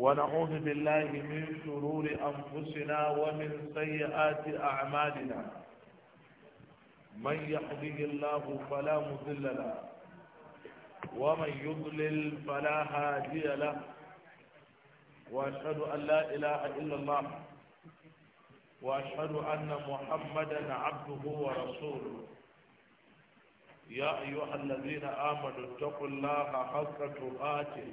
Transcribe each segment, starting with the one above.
ونعوذ بالله من شرور أنفسنا ومن سيئات أعمالنا من يحبه الله فلا مضل له ومن يضلل فلا هادي له وأشهد أن لا إله إلا الله وأشهد أن محمدا عبده ورسوله يا أيها الذين آمنوا اتقوا الله حق تقاته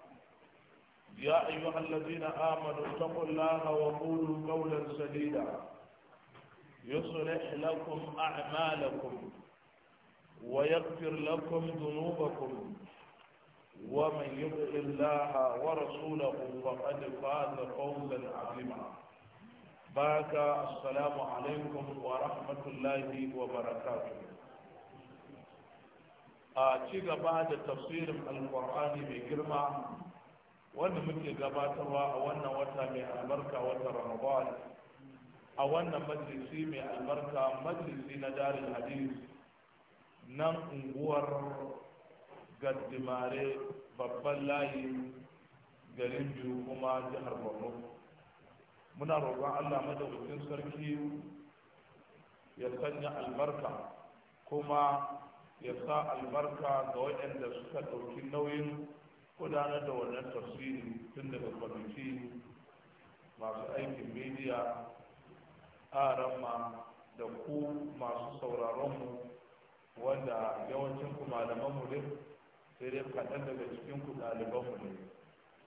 يا أيها الذين آمنوا اتقوا الله وقولوا قولا سديدا يصلح لكم أعمالكم ويغفر لكم ذنوبكم ومن يطع الله ورسوله فقد فاز فوزا عظيما بارك السلام عليكم ورحمة الله وبركاته أتيجا آه، بعد تفسير القرآن بكرمه wanda muke gabatarwa a wannan wata mai albarka wata ramadan a wannan majalisi mai albarka majalisi na darin hadis nan unguwar gadimare babban layi garin biyu kuma jihar borno muna roƙon allah madaukakin sarki ya sanya albarka kuma ya sa albarka ga waɗanda suka ɗauki nauyin gudanar da wannan tafsiri tun daga kwamiti masu aikin media rama da ku masu sauraronmu wanda yawancin ku mu ne sai dai kaɗan daga cikin ku mu ne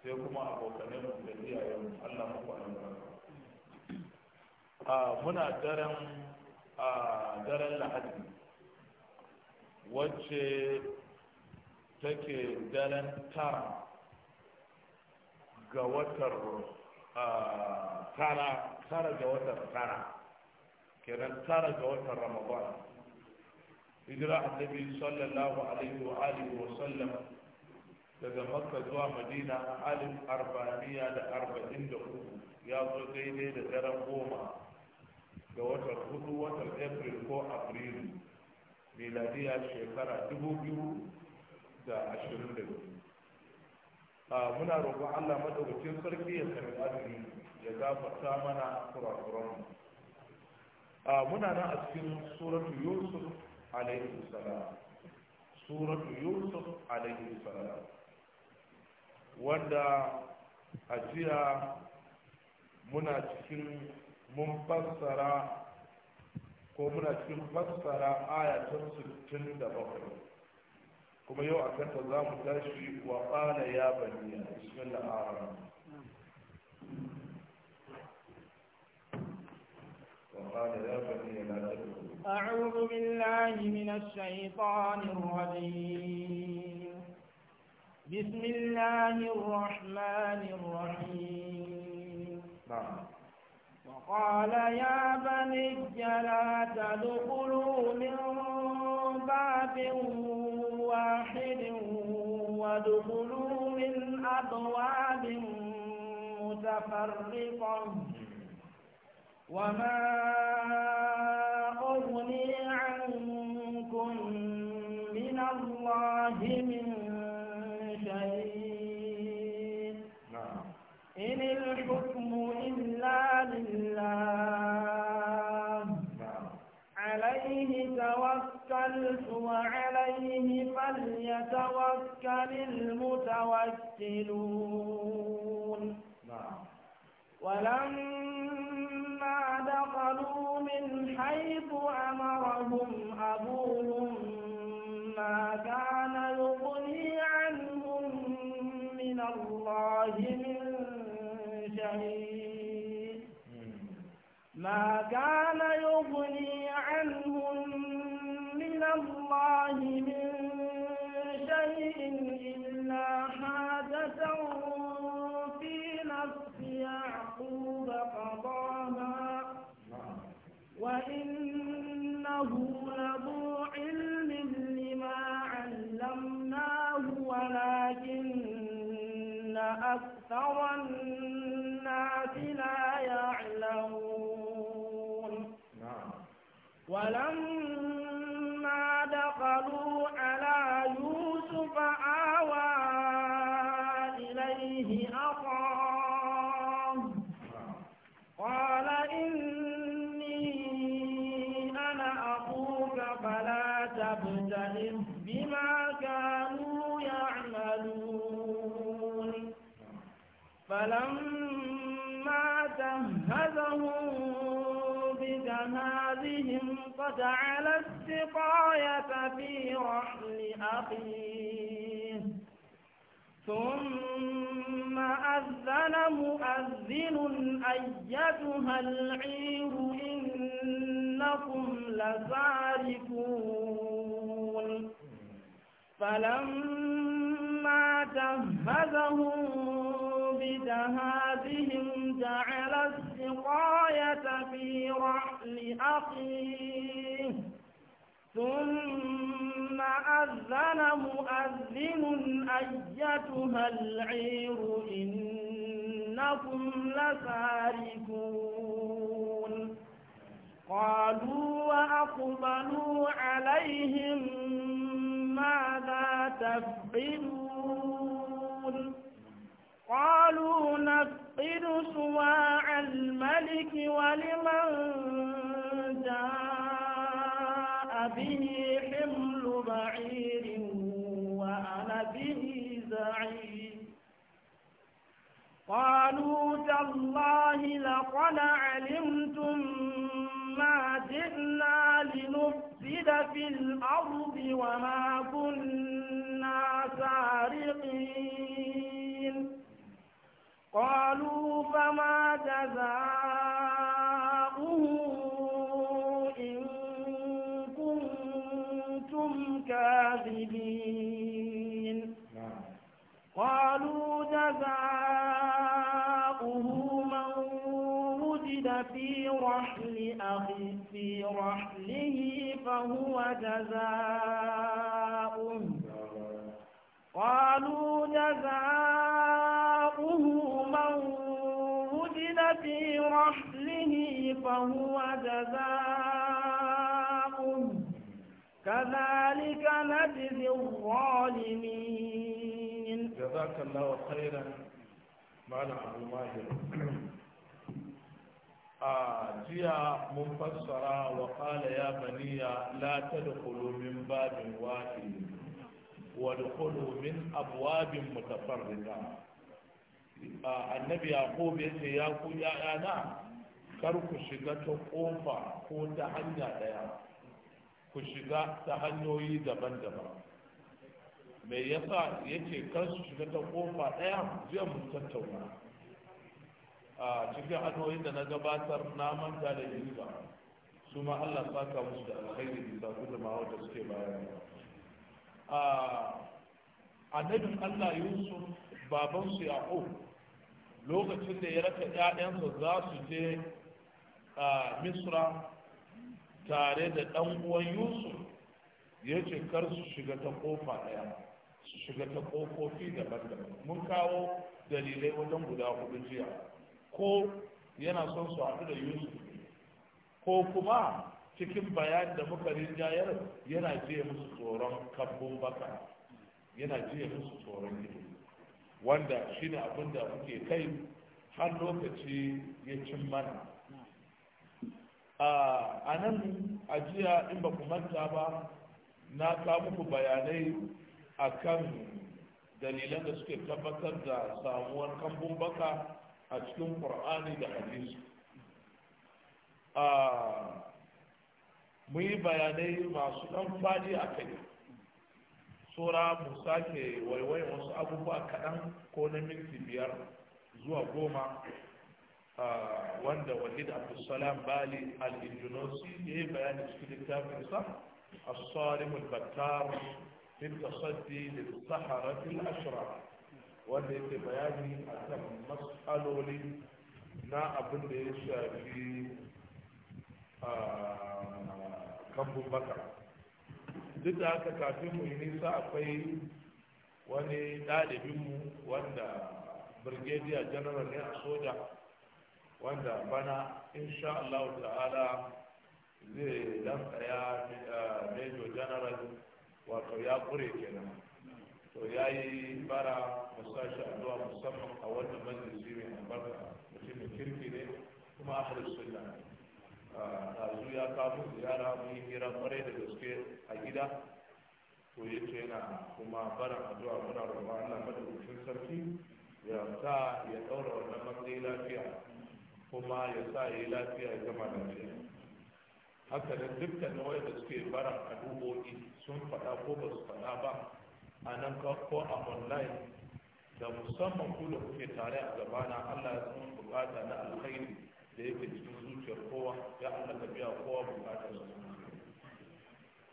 sai kuma abokanai mu da iyayen Allah mu kwanan a muna daren daren lahadi wacce take daren tara ga watar ah, tara tara ga watar tara kenan tara ga watar ramadan hijira annabi sallallahu alaihi wa alihi wa sallam daga makka zuwa madina alif arba'amiya da arba'in da hudu, ya zo daidai da daren goma ga watan hudu watan april ko afrilu miladiya shekara dubu biyu da ashirin da biyu muna roƙon Allah madaukakin sarki ya sami azumi ya gafarta mana kurakuran muna nan a cikin suratu yusuf alaihi salam suratu yusuf alaihi salam wanda a jiya muna cikin mun fassara ko muna cikin fassara ayatun 67 kuma yau a kanta za mu tashi wa ƙana ya baniya bismillah لا rahman أعوذ بالله من الشيطان الرجيم بسم الله الرحمن الرحيم نعم وقال يا بني لا تدخلوا من باب متفرقة وما أغني عنكم من الله من شيء إن الحكم إلا لله عليه توكلت وعليه فليتوكل المتوكلون ولما دخلوا من حيث أمرهم أبوهم ما كان يغني عنهم من الله من شيء ما كان يغني عنهم من الله من وإنه لذو علم لما علمناه ولكن أكثر الناس لا يعلمون نعم ولم فلما جهزهم بجهازهم فجعل السقاية في رحل أخيه ثم أذن مؤذن أيتها العير إنكم لسارقون فلما جهزهم بذهابهم جعل السقاية في رحل أخيه ثم أذن مؤذن أيتها العير إنكم لسارقون قالوا وأقبلوا عليهم ماذا تفعلون قالوا نفقد سواع الملك ولمن جاء به حمل بعير وأنا به زعيم قالوا تالله لقد علمتم ما جئنا لنفسد في الأرض وما كنا سارقين قالوا فما جزاؤه إن كنتم كاذبين قالوا جزاؤه من وجد في رحل أخي في رحله فهو جزاؤه في رحله فهو جزاء كذلك نجزي الظالمين جزاك الله خيرا معنا أبو الماجد آه جيا مفسرا وقال يا بني لا تدخلوا من باب واحد وادخلوا من أبواب متفرقة annabi yaqub ya ce ya ku na? kar ku shiga ta kofa ko ta hanya daya ku shiga ta hanyoyi daban-daban me yasa yake kar su shiga ta kofa daya zai mu tattauna a cikin hanyoyin da na gabatar na manta da yiwuwa su ma Allah saka musu da alkhairi da gudunmawa da suke bayarwa a annabin Allah Yusuf babansu Yaqub lokacin da ya raka ‘ya'yansa za su je a misra tare da ɗan uwan yusuf ya ce kar su shiga ta kofa ɗaya su shiga ta ƙofofi daban-daban mun kawo dalilai wajen guda hudu jiya ko yana son su haɗu da yusuf ko kuma cikin bayan da muka rinjayar yana jiya musu tsoron kambun baka yana jiya musu tsoron gido wanda shine abin da muke kai har lokaci ya cin mana a nan ajiya in ba ku manta ba na samu muku bayanai akan dalilan da suke tabbatar da samuwar kambun baka a cikin ƙur'ani da hadisi mu yi bayanai masu ɗan fadi a kai tsora musa ke waiwayin wasu abubuwa kaɗan ko na minti biyar zuwa goma wanda walid abdulsalam bali al-injunosi ya yi bayani cikin littafinsa الصارم البتار da التصدي للصحرة الأشرار wanda yake bayani a kan matsaloli na abin da ya shafi kambun bakar duk da haka kafin mu yi nisa akwai wani ɗalibinmu wanda birgediya general ne a soja wanda bana insha Allah ta'ala zai dan tsaya eh, major general wato ya kure kenan to ya yi bara musashi addu'a musamman a wannan majalisi mai albarka mutumin kirki ne kuma ahlus sunna ne ɗazu ya kawo ziyara mun yi hira kwarai da gaske a gida to ya ce yana kuma barin addu'a muna roƙon Allah madaukakin sarki ya sa ya ɗaura wannan matsayi lafiya kuma ya sa ya yi lafiya ya gama lafiya haka da dukkan da suke barin addu'o'i sun faɗa ko ba su faɗa ba a nan ko a online da musamman ku da kuke tare a gabana Allah ya san bukata na alkhairi da yake cikin zuciyar kowa ya Allah biya kowa bukatar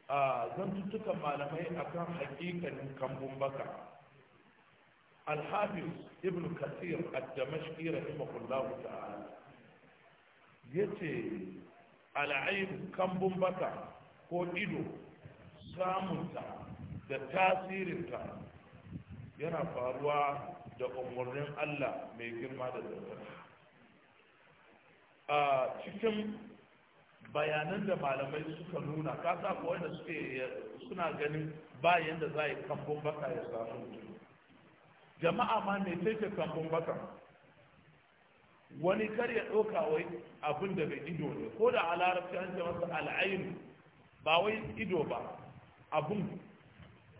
a zantuttukan malamai akan hakikanin kambun baka alhafiz ibn kasir ad-damashqi rahimahullah ta'ala yace al'ayn kambun baka ko ido samunta da tasirinta yana faruwa da umarnin Allah mai girma da zartar a cikin bayanan da malamai suka nuna kasa ko wanda suke suna ganin bayan da za a yi kambun baka ya samu jama'a ma mai take kambun baka wani kar ya ɗauka wai abin daga ido ne ko da a larabci an ce masa al'ainu ba wai ido ba abin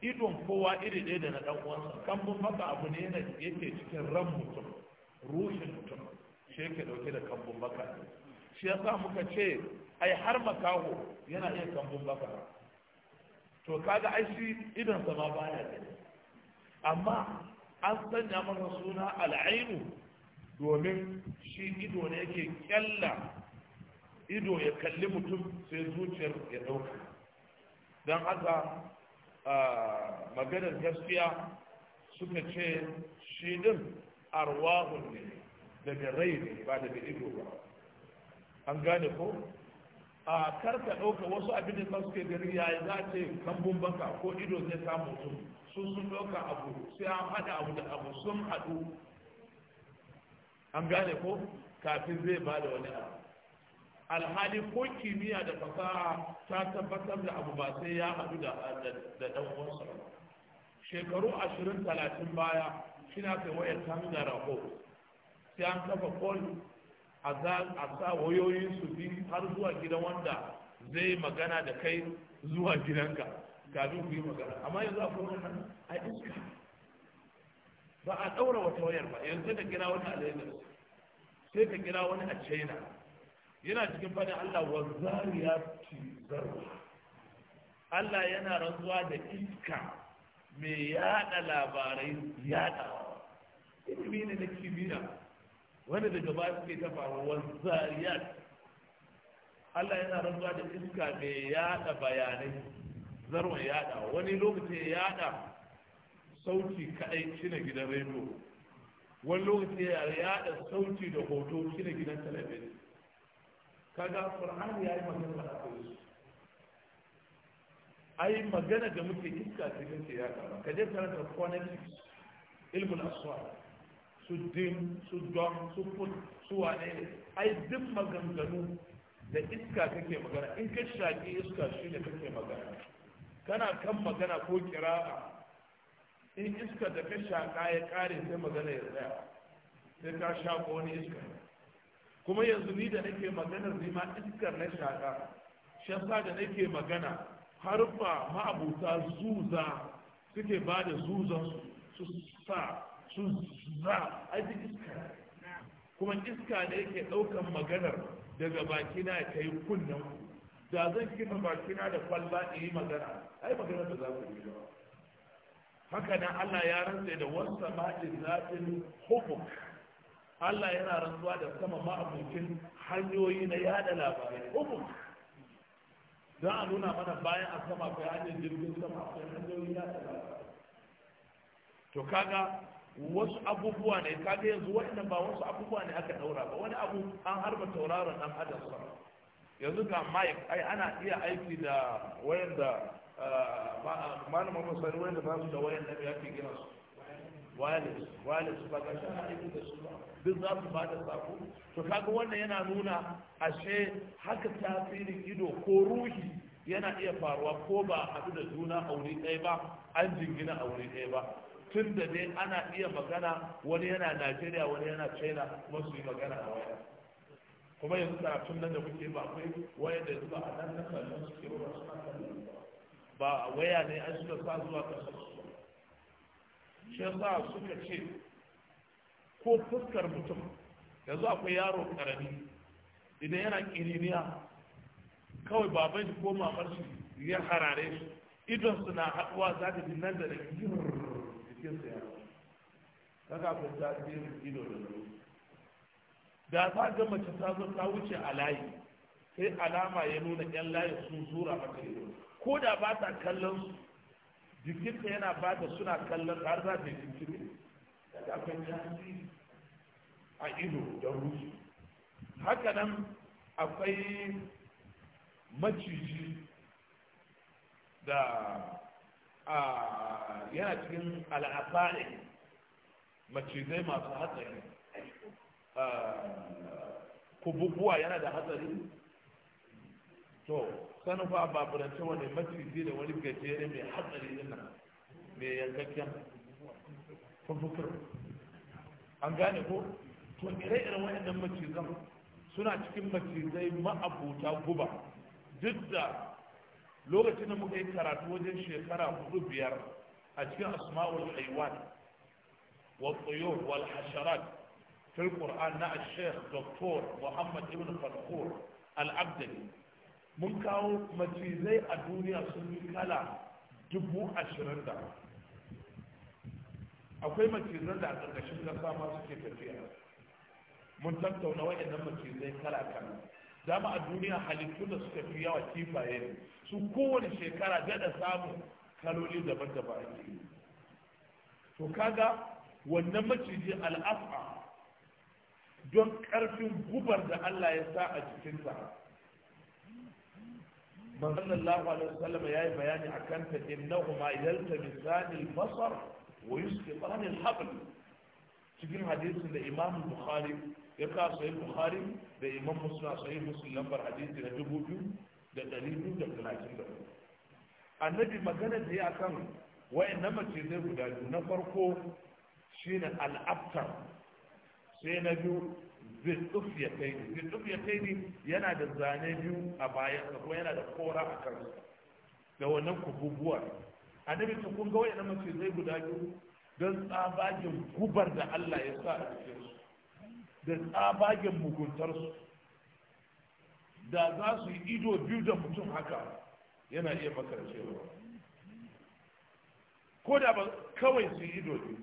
idon kowa iri ɗaya da na ɗan uwansa kambun baka abu ne yake cikin ran mutum ruhin mutum shi yake dauke da kambun baka shi yasa muka ce ai har makaho yana iya kambun baka to kaga ai shi idan sa ma baya gani amma an sanya masa suna al'ainu domin shi ido ne yake kyalla ido ya kalli mutum sai zuciyar ya dauka don haka maganar gaskiya suka ce shi din arwahun ne daga rai ne ba daga ido ba an gane ko a karka ɗauka wasu abin da masu ke gari yayi za a ce kambun bumbaka ko ido zai samu sun sun sun ɗauka abu sai an haɗa abu da abu sun haɗu an gane ko kafin zai ba da wani abu alhali ko kimiyya da fasaha ta tabbatar da abu ba sai ya haɗu da ɗan uwansa shekaru ashirin talatin baya shi na kai wayar tangara ko sai an kafa kol a sa wayoyin su bi har zuwa gidan wanda zai magana da kai zuwa gidanka kafin ku yi magana amma yanzu a kuma nan a iska ba a ɗaura wata wayar ba yanzu ka kira wani a lagos sai ka kira wani a china yana cikin fadin allah wa ci zarwa allah yana rantsuwa da iska mai yada labarai yada ilimi ne na kimiyya wani daga ba suke ta faru wanzariyat Allah yana rantsuwa da iska mai yada bayanai zarwa yada wani lokaci ya yada sauti kadai shine gidan rediyo wani lokaci ya yada sauti da hoto shine gidan talabijin kaga ya yi magana da su ai magana da muke iska cikin ya kama kaje karanta phonetics ilmul aswar su din su don su put su wane ai duk maganganu da iska kake magana in ka shaƙi iska shi ne kake magana kana kan magana ko kira in iska da ka shaƙa ya ƙare sai magana ya tsaya sai ka shaƙo wani iska kuma yanzu ni da nake maganar ni ma iskar na shaƙa shi yasa da nake magana har ma ma'abuta zuza suke ba da zuzan su sa su za a iska kuma iska ne yake ɗaukan maganar daga bakina ya kai kunnen da zan kifa bakina da kwalla da yi magana ai maganar da za yi ba haka nan Allah ya rantsa da wasa ma'in zafin hukuk Allah yana rantsuwa da sama ma'abucin hanyoyi na yada labarai hukuk za a nuna mana bayan a sama kai hanyar jirgin sama akwai hanyoyi yada labarai to kaga wasu abubuwa ne kaga yanzu waɗannan ba wasu abubuwa ne aka ɗaura ba wani abu an harba tauraron dan adam sa yanzu ga mic ai ana iya aiki da wayan da ah, malamin masani wayan da basu su da wayan da ya fi gina su wireless wireless ba ga shan aiki da su ba duk za su ba da sako to kaga wannan yana nuna ashe haka tasirin ido ko ruhi yana iya faruwa ko ba a haɗu da juna aure ɗaya ba an jingina aure ɗaya ba tun da dai ana iya magana wani yana najeriya wani yana china kuma su yi magana a waya kuma yanzu karatun nan da kuke ba akwai waya da zuba a nan na kallon su ke wurin suna kallon ba waya ne an suka sa zuwa kasar su shi yasa suka ce ko fuskar mutum yanzu akwai yaro karami idan yana kiriniya kawai baban ko mamar shi ya harare shi idon suna na haɗuwa za ta ji nan da nan cikin ya kaga akwai tasirin ido da nuru da ta ga mace ta zo ta wuce a layi sai alama ya nuna yan layin sun zura mata ido ko da ba ta kallon su jikinta yana ba ta suna kallon har za ta yi cikin daga ta tasiri a ido da rusu haka nan akwai maciji da yana cikin al'afa'in macizai masu hatsari kububuwa yana da hatsari to sanin fa ba furance wani macizi da wani gajere mai hatsari din mai yankakken fufukur an gane ko to ire-iren waɗannan macizan suna cikin macizai ma'abuta guba duk da lokacin da muka yi karatu wajen shekara hudu biyar a cikin asma'ul haiwan wal tuyur wal hasharat fil qur'an na sheikh dr muhammad ibn fakhur al-abdali mun kawo macizai a duniya sun yi kala dubu ashirin da akwai macizan da a ƙarƙashin ƙasa ma suke tafiya mun tattauna waɗannan macizai kala kala dama a duniya halittu da suka fi yawa kifaye ne su kowane shekara daɗa samun kaloli daban-daban ake to kaga wannan maciji al'afa don ƙarfin gubar da Allah ya sa a jikinta. sallallahu alaihi wasallam ya yi bayani a kanta innahu ma yaltamisani Masar basar wa yusqitani al-habl cikin hadisin da Imam Bukhari Yaka ka sahih bukhari da imam muslim sahih muslim lambar hadisi na dubu biyu da ɗari da talatin da annabi magana da ya kan wa'annan mace zai guda na farko shine al'abtar sai na biyu zidufiyataini zidufiyataini yana da zane biyu a bayan ko yana da kora a kansa da wannan kububuwa annabi ta kun ga wa'annan mace zai guda don tsabagen gubar da Allah ya sa a da tsabagen muguntarsu da za su yi ido biyu da mutum haka yana iya makarcewa ko da ba kawai su yi ido biyu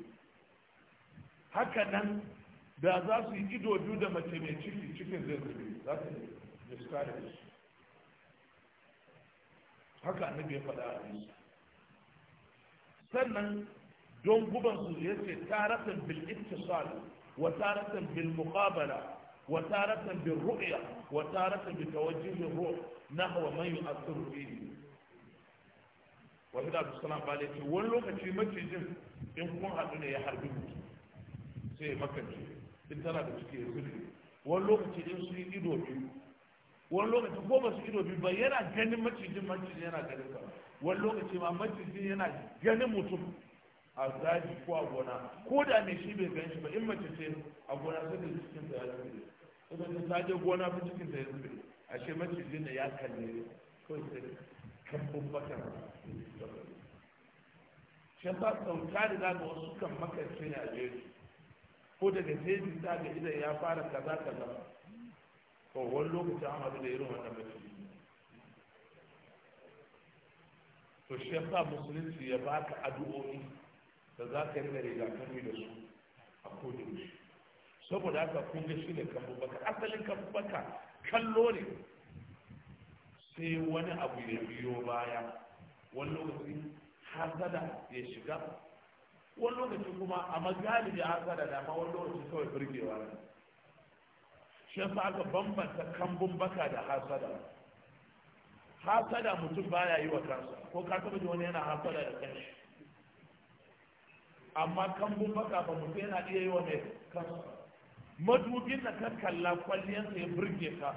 haka nan da za su yi ido biyu da mace mai ciki cikin zai zube za da miscarriage haka annabi bai faɗa a hadisi sannan don guban su ya ce tarasin bil ittisal وتارة بالمقابلة وتارة بالرؤية وتارة بتوجيه الروح نحو من يؤثر فيه wahid abdulsalam ba laifi wani lokaci macijin in kun haɗu ne ya harbi mutum in tana da ciki ya zurfi wani lokaci in su yi ido wani lokaci ko ba su ido biyu ba ganin macijin macijin yana ganin ka wani lokaci ma macijin yana ganin mutum a zafi ko a gona ko da me shi bai gan shi ba in mace ce a gona sai da cikin ta ya zube idan ta je gona ba cikin ta ya zube ashe macijin da ya kalle ko ita kan bakar shi ba sauta da zaga wasu kan makarce ne a jeji ko daga jeji ga idan ya fara kaza kaza ko wani lokaci an haɗu da irin wannan macijin to shi ya sa musulunci ya baka addu'o'i da za ka rika rigakafi da su a kodin shi saboda haka kunga shi ne kambun baka asalin kambun baka kallo ne sai wani abu ya biyo baya wani lokaci hasada ya shiga wani lokaci kuma a da hasada da ma wani lokaci kawai birgewa ne shi yasa aka bambanta kambun baka da hasada hasada mutum baya yi wa kansa ko ka taba wani yana hasada da kanshi amma kambun baka ba mutum yana iya yi wa mai kansa madubin da kan kalla kwalliyansa ya burge ka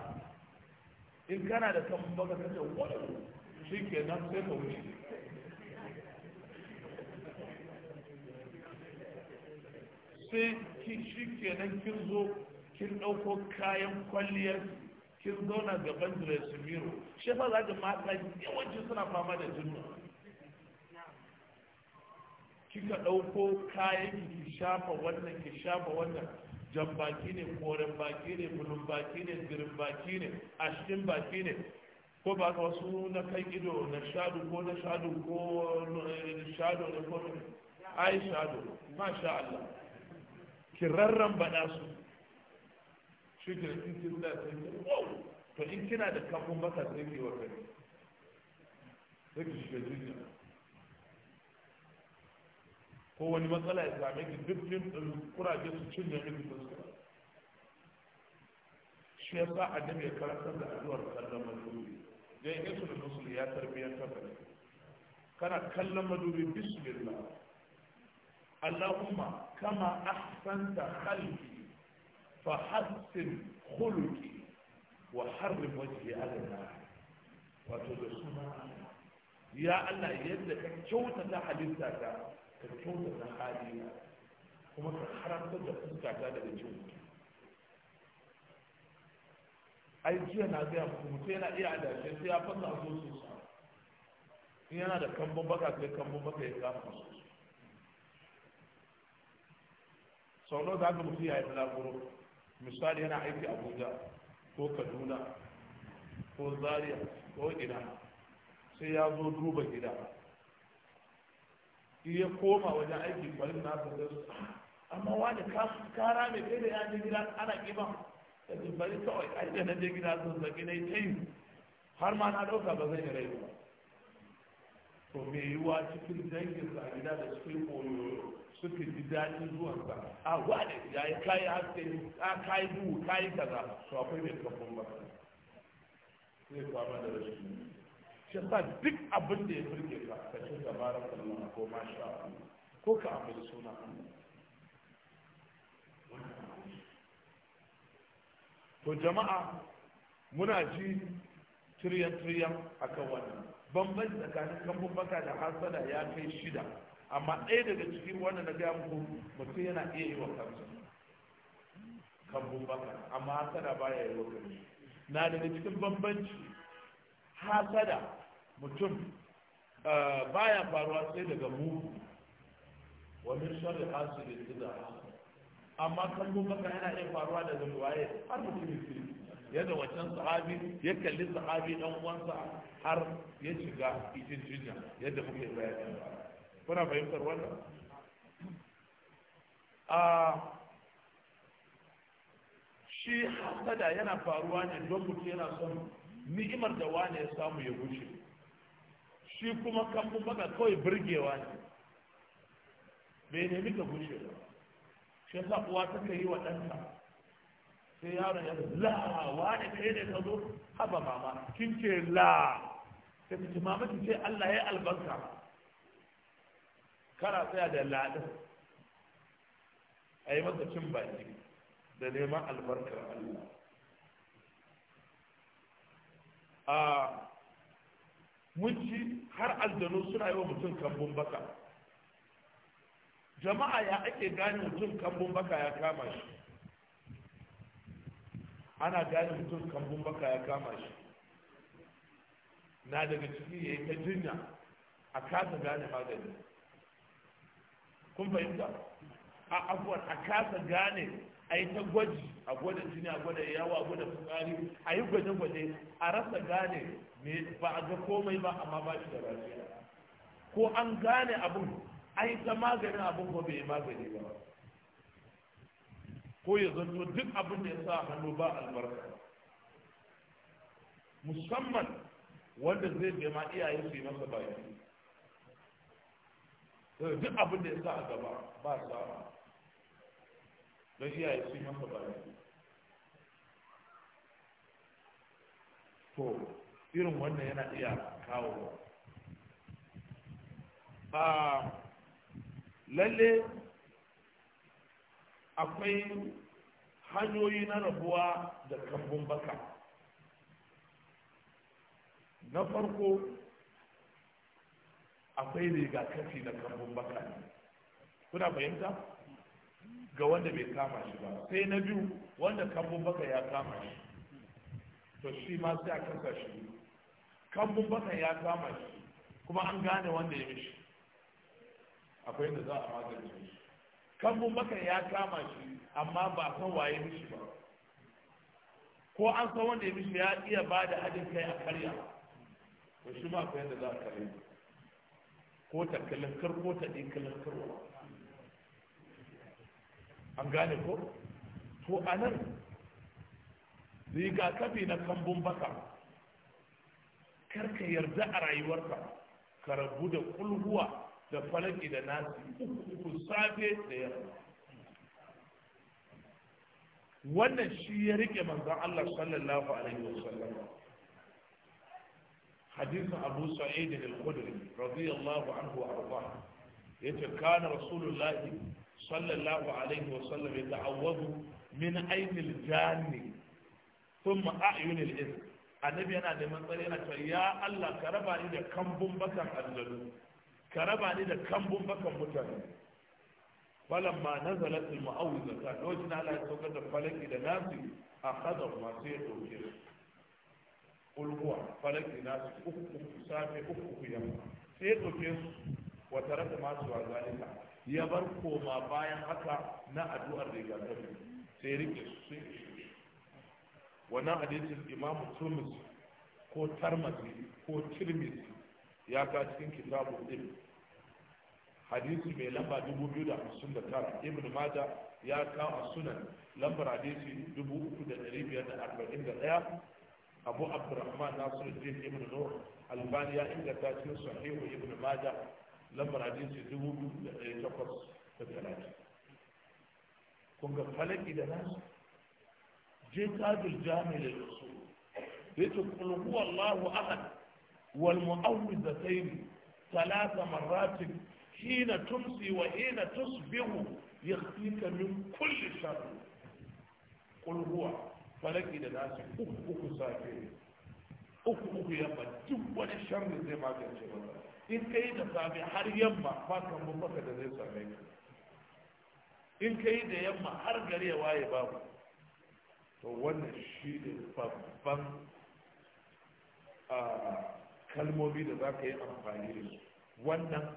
in kana da kambun baka ka ce wani shi ke nan sai ka wuce sai shi ke nan kin zo kin ɗauko kayan kwalliyar kin zauna gaban dressing mirror shi fa za ka mata yawanci suna fama da jinnu kika ɗauko kayan ki shafa wannan ki shafa wannan jan baki ne koren baki ne bulun baki ne zirin baki ne ashirin baki ne ko ba ka wasu na kai ido na shadu ko na shadu ko eh, shadu ne ko ai shadu sha Allah ki rarran bada su shi ke in kin da sai wow to in kina da kafin baka sai ki wa kai sai ki shiga duniya هو ان مثلا اسلامي دبلن القراجه تشيل يعني في الصلاه شيء صح عدم الكلام ده دور كلام مدوبي زي اسم الرسول يا تربيه تفضل كان كلام مدوبي بسم الله اللهم كما احسنت خلقي فحسن خلقي وحرم وجهي على النار وتدخلنا يا الله يدك كوتا حديثك ka kyautata halina kuma ka haramtar da fuskata daga jin mutum ai jiya na gaya muku mutum yana iya adashe sai ya fasa a sosu in yana da kambun baka sai kambun baka ya kama su sau nawa za ka mutum ya yi bulaguro misali yana aiki abuja ko kaduna ko zaria ko ina sai ya zo duba gida shi ya koma wajen aiki kwarin na su da su amma wani kara mai kai da ya je gida ana kima da su bari kawai aiki na je gida sun zaki na yi har ma na dauka ba zai rai ba to me wa cikin dangin sa gida da cikin koyo suka ji daɗin zuwan sa a wani ya yi kayi haske a kayi duhu kayi kaza to akwai mai kafin ba zai fama da rashin shi sa duk abin da ya burge ka ka ce tabarar Allah ko masha ko ka ambaci suna to jama'a muna ji tiriyan a kan wannan bambanci tsakanin kambun baka da hasada ya kai shida amma ɗaya daga cikin wannan na gaya muku mutum yana iya yi wa kansa kambun baka amma hasada baya yi wa kansa na daga cikin bambanci hasada mutum uh, baya faruwa sai daga mu wa min sharri hasidin idza hasad amma mu maka yana iya faruwa daga waye har mutumin kirki yadda wancan sahabi ya kalli sahabi dan uwansa har ya shiga cikin jinya yadda muke bayani kuna fahimtar wannan a uh, shi hasada yana faruwa ne don mutum yana son ni'imar da wani ya samu ya wuce shi kuma kambun baka kawai birgewa ne bai nemi ka gushe ba shi yasa uwa ta yi wa ɗanta sai yaron ya la ne, kai ne ka zo haba mama kin ce la sai ta ce mama ki ce Allah ya albarka kara tsaya da ladin a yi masa cin baki da neman albarkar Allah ah, mun har aljanu suna yi wa mutum kambun baka jama'a ya ake gane mutum kambun baka ya kama shi ana gane mutum kambun baka ya kama shi na daga ciki ya yi ta jinya a kasa gane magani kun fahimta a afuwan a kasa gane a yi ta gwaji a gwada jini a gwada yawa a gwada fukari a yi gwaje-gwaje a rasa gane ba a ga komai ba amma ba shi da lafiya ko an gane abun ai yi ta maganin abun ko bai magani ba ko ya zanto duk abin da ya sa hannu ba albarka musamman wanda zai bai ma iyaye su yi masa baki duk abin da ya sa a gaba ba sa'a ya iyaye sun ba ne. to irin wannan yana iya kawo a lalle akwai hanyoyi na rabuwa da kambun baka na farko akwai rigakafi da kambun baka kuna fahimta ga wanda bai kama shi ba sai na biyu wanda kambun baka ya kama shi to shi ma sai a kasa shi kambun baka ya kama shi kuma an gane wanda ya mishi akwai yadda za a magance shi kambun baka ya kama shi amma ba san waye mishi ba ko an san wanda ya mishi ya iya ba da hadin kai a karya to shi ma akwai yadda za a karya ko ta kalankar ko ta ɗin karwa an gane ko to a nan rigakafi na kambun baka karka yarda a rayuwarka ka rabu da kulhuwa da falaki da nasi uku safe da yamma wannan shi ya rike manzon Allah sallallahu alaihi wasallam hadisin Abu Sa'id al-Khudri radiyallahu anhu wa arda yace kana rasulullahi sallallahu alaihi wasallam ya ta'awwadu min ainil jani thumma a'yunil is annabi yana da matsayi yana cewa ya Allah ka raba ni da kambun bakan aljanu ka raba ni da kambun bakan mutane falamma nazalat al-mu'awwidata na Allah ya saukar da falaki da nasu a ma sai ya dauke ulkuwa falaki na su uku safe uku yamma sai ya dauke su wata rasa masu wa zalika ya bar koma bayan haka na addu'ar rigakafi sai rike su wannan hadisin imamu tumis ko tarmati ko tirmisi ya ka cikin kitabu ɗin hadisi mai lamba 2059 ibn mata ya kawo a sunan lambar hadisi 3541 abu abdurrahman din ibn nur albani ya inganta cikin sahihu ibn mata lambar hadisi dubu biyu da ɗari takwas da talatin kun ga falaki da nasu je tajul jami'il rasul yace qul huwallahu ahad wal mu'awwidhatayn ثلاث مرات حين تمسي وحين تصبح يخفيك من كل شر قل هو falaki da nasu uku uku safe uku uku yamma duk wani sharri zai magance maka in ka yi da safe har yamma ba ka mun baka da zai same ka in ka yi da yamma har gare ya waye babu to wannan shi ne babban kalmomi da za ka yi amfani da su wannan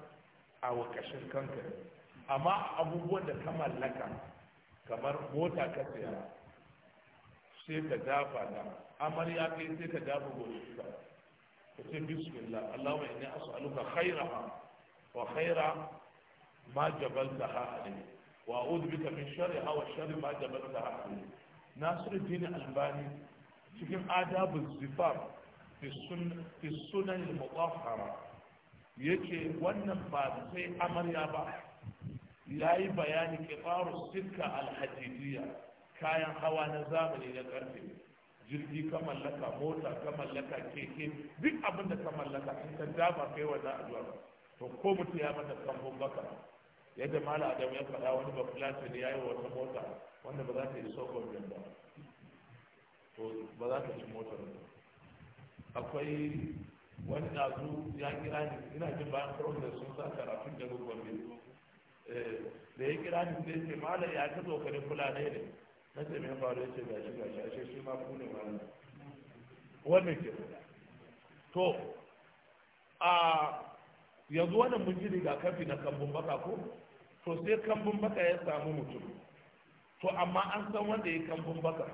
a wakashin kanka ne amma abubuwan da ka mallaka kamar mota ka siya sai ka dafa da amarya kai sai ka dafa gobe ka ce bismillah allahumma inni as'aluka khairaha wa khaira ma jabaltaha alayhi wa a'udhu bika min sharriha wa sharri ma jabaltaha alayhi nasiruddin albani cikin adabu zifar fi sunan al-mutahhara yace wannan ba sai amarya ba yayi bayani kifaru sikka al-hadidiyya kayan hawa na zamani na karfe jirgi ka mallaka mota ka mallaka keke duk abin da ka mallaka in ka dama kai wa za a zuwa to ko mutum ya mata kambun baka yadda mala adam ya faɗa wani ba fulata ne ya yi wata mota wanda ba za ta yi sokon jan ba to ba za ta ci motar ba akwai wani ɗazu ya kira ni ina jin bayan kawai da sun sa karatun da gugwambe eh, da ya kira ni sai ce mala ya ka zo ka ne fulani ne na mai faru ya ce gashi gashi a ce shi ma ku ne wani wannan ke to a yanzu wannan mun ji kafi na kambun baka ko to sai kambun baka ya samu mutum to amma an san wanda ya kambun baka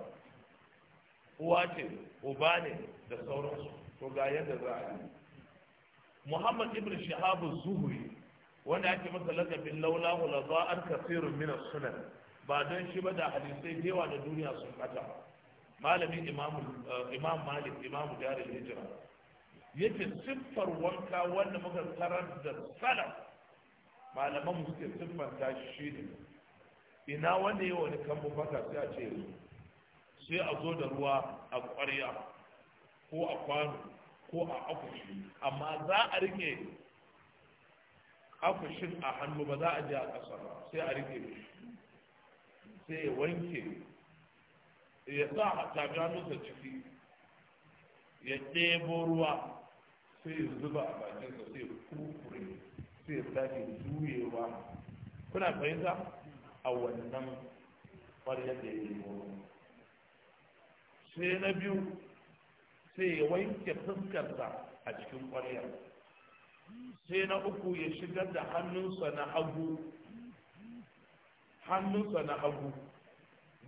uwa ce uba ne da sauransu to ga yadda za a yi muhammad ibn shahabu zuhuri wanda ake masa lakabin laula la an kasirun minas sunan ba don shi ba da hadisai da yawa da duniya sun bata malamin eh, imam malik imam darul hijira yake siffar wanka wanda muka tarar da salaf malaman mu suke siffanta shi ne ina wanda ya wani kan baka sai a ce yanzu sai a zo da ruwa a ƙwarya ko a kwano ko a akushi amma za a rike akushin a hannu ba za a je a ƙasa sai a rike shi sai ya wanke ya sa tabiyanunsa ciki ya ɗebo ruwa sai ya zuba a bakinsa sai ya kurkure sai ya sake juyewa kuna fahimta a wannan ƙwarya da ya yi sai na biyu sai ya wanke fuskarsa a cikin ƙwarya. sai na uku ya shigar da hannunsa na hagu hannunsa na hagu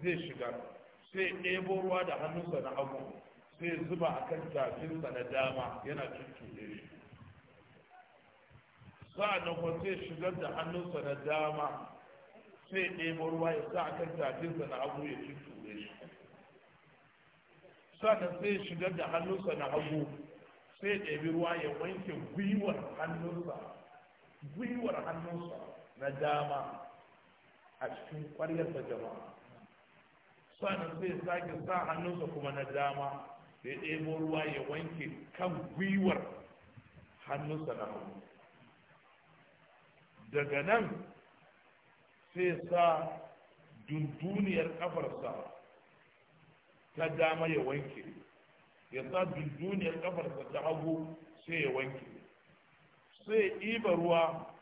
zai shiga sai ɗebo ruwa da hannunsa na hagu sai zuba a kan tafinsa na dama yana cuccuɗe shi sa'annan kuma sai shigar da hannunsa na dama sai ɗebo ruwa ya sa a kan tafinsa na hagu ya cuccuɗe shi sa'annan sai shigar da hannunsa na hagu sai ɗebi ruwa ya wanke gwiwar hannunsa gwiwar hannunsa na dama a cikin ƙwaryar jama'a sannan sai sake sa hannunsa kuma na dama da ya ɗebo ruwa ya wanke kan gwiwar hannunsa na hannu. daga nan sai sa dunduniyar ƙafarsa ta dama ya wanke ya sa dunduniyar ƙafarsa ta hagu sai ya wanke sai ɗiba ruwa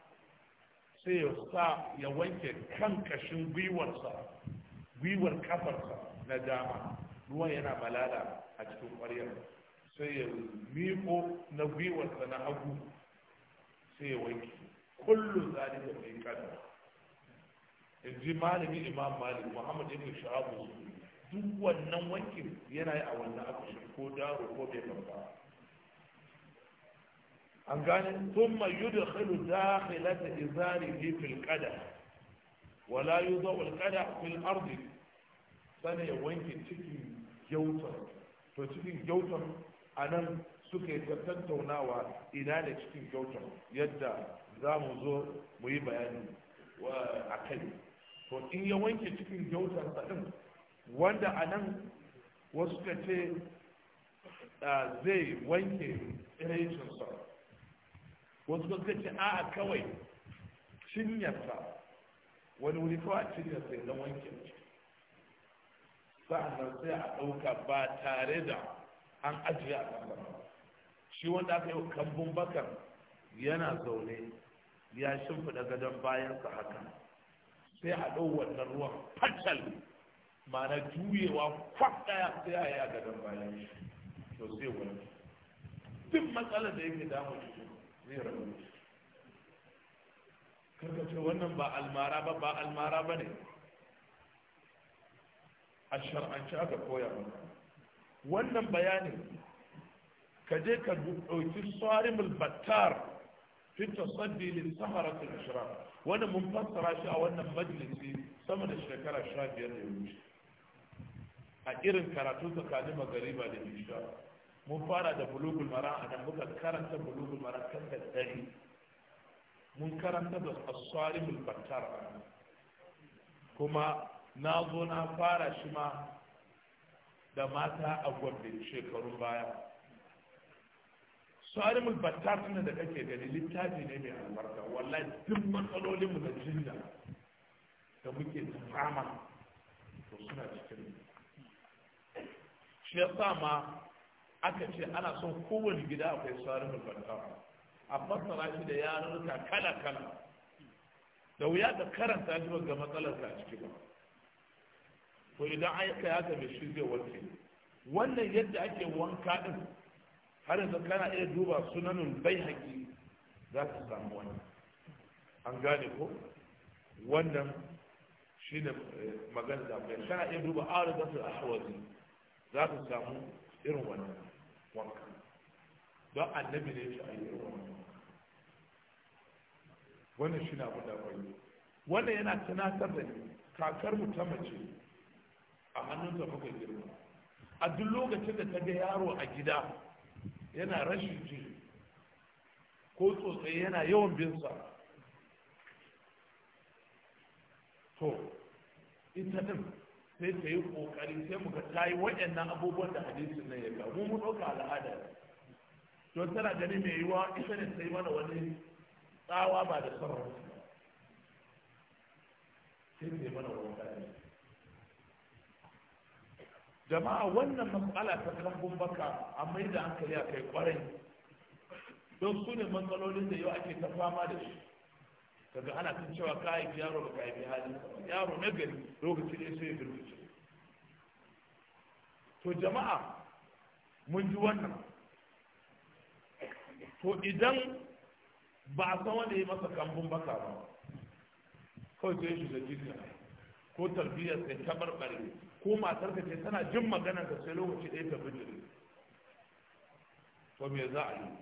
sai ya sa ya wanke kan kashin gwiwarsa gwiwar kafarsa na dama ruwan yana malala a cikin ƙwaryar sai ya miko na gwiwarsa na hagu sai ya wanke kullum zani da mai kada in ji malami imam malik muhammad ibn shahabu duk wannan wankin yana yi a wannan akushin ko daro ko bai karba an gane thumma yudkhilu dakhilata izarihi fil filkada wala yi zo qada fil ardi sana ya wanke cikin gyautar to cikin gyautar nan suka yi ta tattaunawa ina da cikin gyautar yadda za mu zo mu yi bayani a kai to in ya wanke cikin kyautar sadin, wanda a nan wasu ka ce ah, zai wanke irin tsiraicinsa wasu kuma suka ce a'a kawai cinyarsa wani wuri kawai a cinyarsa ya zama wanke sa'annan sai a ɗauka ba tare da an ajiye a ƙasa shi wanda aka yi kambun bakar yana zaune ya shimfiɗa gadon bayansa haka sai a ɗau wannan ruwan fatal ma'ana juyewa kwaf ɗaya sai a yi a gadon bayan to sai wani duk matsalar da yake damu shi zai rabu karka ce wannan ba almara ba ba almara ba ne a shar'anci aka koya ba wannan bayanin ka je ka ɗauki tsarimul battar fi tasaddi lil saharatul ashraf Wani mun fassara shi a wannan majalisi sama da shekara biyar da ya wuce a irin karatu tsakanin magariba da isha mun fara da bulugul mara a nan muka karanta bulugul mara kan da dari mun karanta da asalimul battar kuma na zo na fara shi ma da mata a gwamnati shekarun baya salimul battar tuna da kake gani littafi ne mai albarka wallahi duk matsalolinmu na jinda da muke fama to suna cikin shi ya sa ma aka ce ana son kowane gida akwai tsarin fatawa a fassara shi da ta kala kala da wuya da karanta shi ga matsalar ta ciki ba to idan an kai haka mai shi zai warke wannan yadda ake wanka din har yanzu kana iya duba sunanin bai haƙi za ka samu wani an gane ko wannan shi ne eh, magana da bai kana iya duba arzatu ahwazi za ka samu irin wannan warka don annabi ne shi a yi wannan shi na abin kwayo wannan yana tunatar da ni kakar mu ta mace a hannunsa muka girma a duk lokacin da ta ga yaro a gida yana rashin ji ko tsotsai yana yawan bin sa to ita din sai ta yi kokari sai mu ta yi waɗannan abubuwan da hadisin nan ya ga mu mu ɗauka al'ada to tana gani mai yiwa ita ne sai mana wani tsawa ba da sauran sai ta yi mana wani gani jama'a wannan matsala ta kalambun baka a mai da hankali a kai kwarai don su ne matsalolin da yau ake ta fama da shi kaga ana kan cewa ka yaro da ka bi hali yaro na gari lokaci ne sai ya birkice to jama'a mun ji wannan to idan ba a san wanda ya masa kambun baka ba kawai sai shiga jikin ko tarbiyyar sai ta barbare ko matar ka ce tana jin maganar ka sai lokaci ɗaya ta bijiri to me za a yi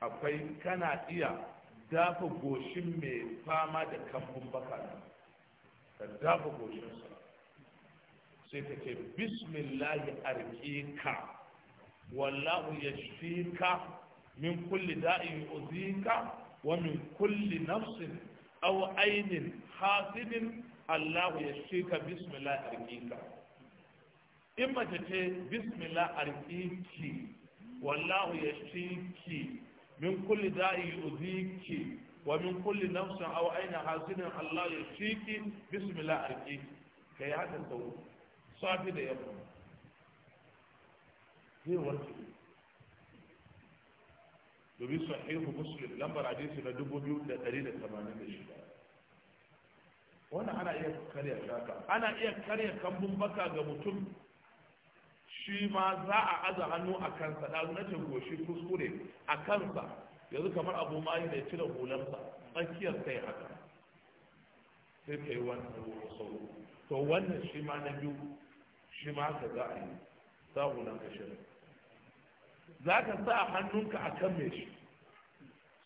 akwai kana iya dafa goshin mai fama da kambun baka ka dafa goshinsa sai ka ce bismillahi arqika wallahu yashfika min kulli da'in uzika wa min kulli nafsin aw ainin hasidin allahu yashfika bismillahi arqika in mace ce bismillah ki!" wallahu yashfiki min kulli da'i yu'dhiki wa min kulli nafsin aw aina hasinin Allah ya shiki bismillah arki kai haka sau safi da yamma zai warke domin sahihu muslim lambar hadisi na dubu biyu da ɗari da tamanin da shida wannan ana iya karya shaka ana iya karya kambun baka ga mutum shi ma za a aza hannu a kansa da na ce goshi kuskure a kansa yanzu kamar abu mai da cire hulansa tsakiyar kai haka sai kai wannan sau to wannan shi ma na biyu shi ma ka za a yi sa hulan ka shirin za ka sa hannunka a kan mai shi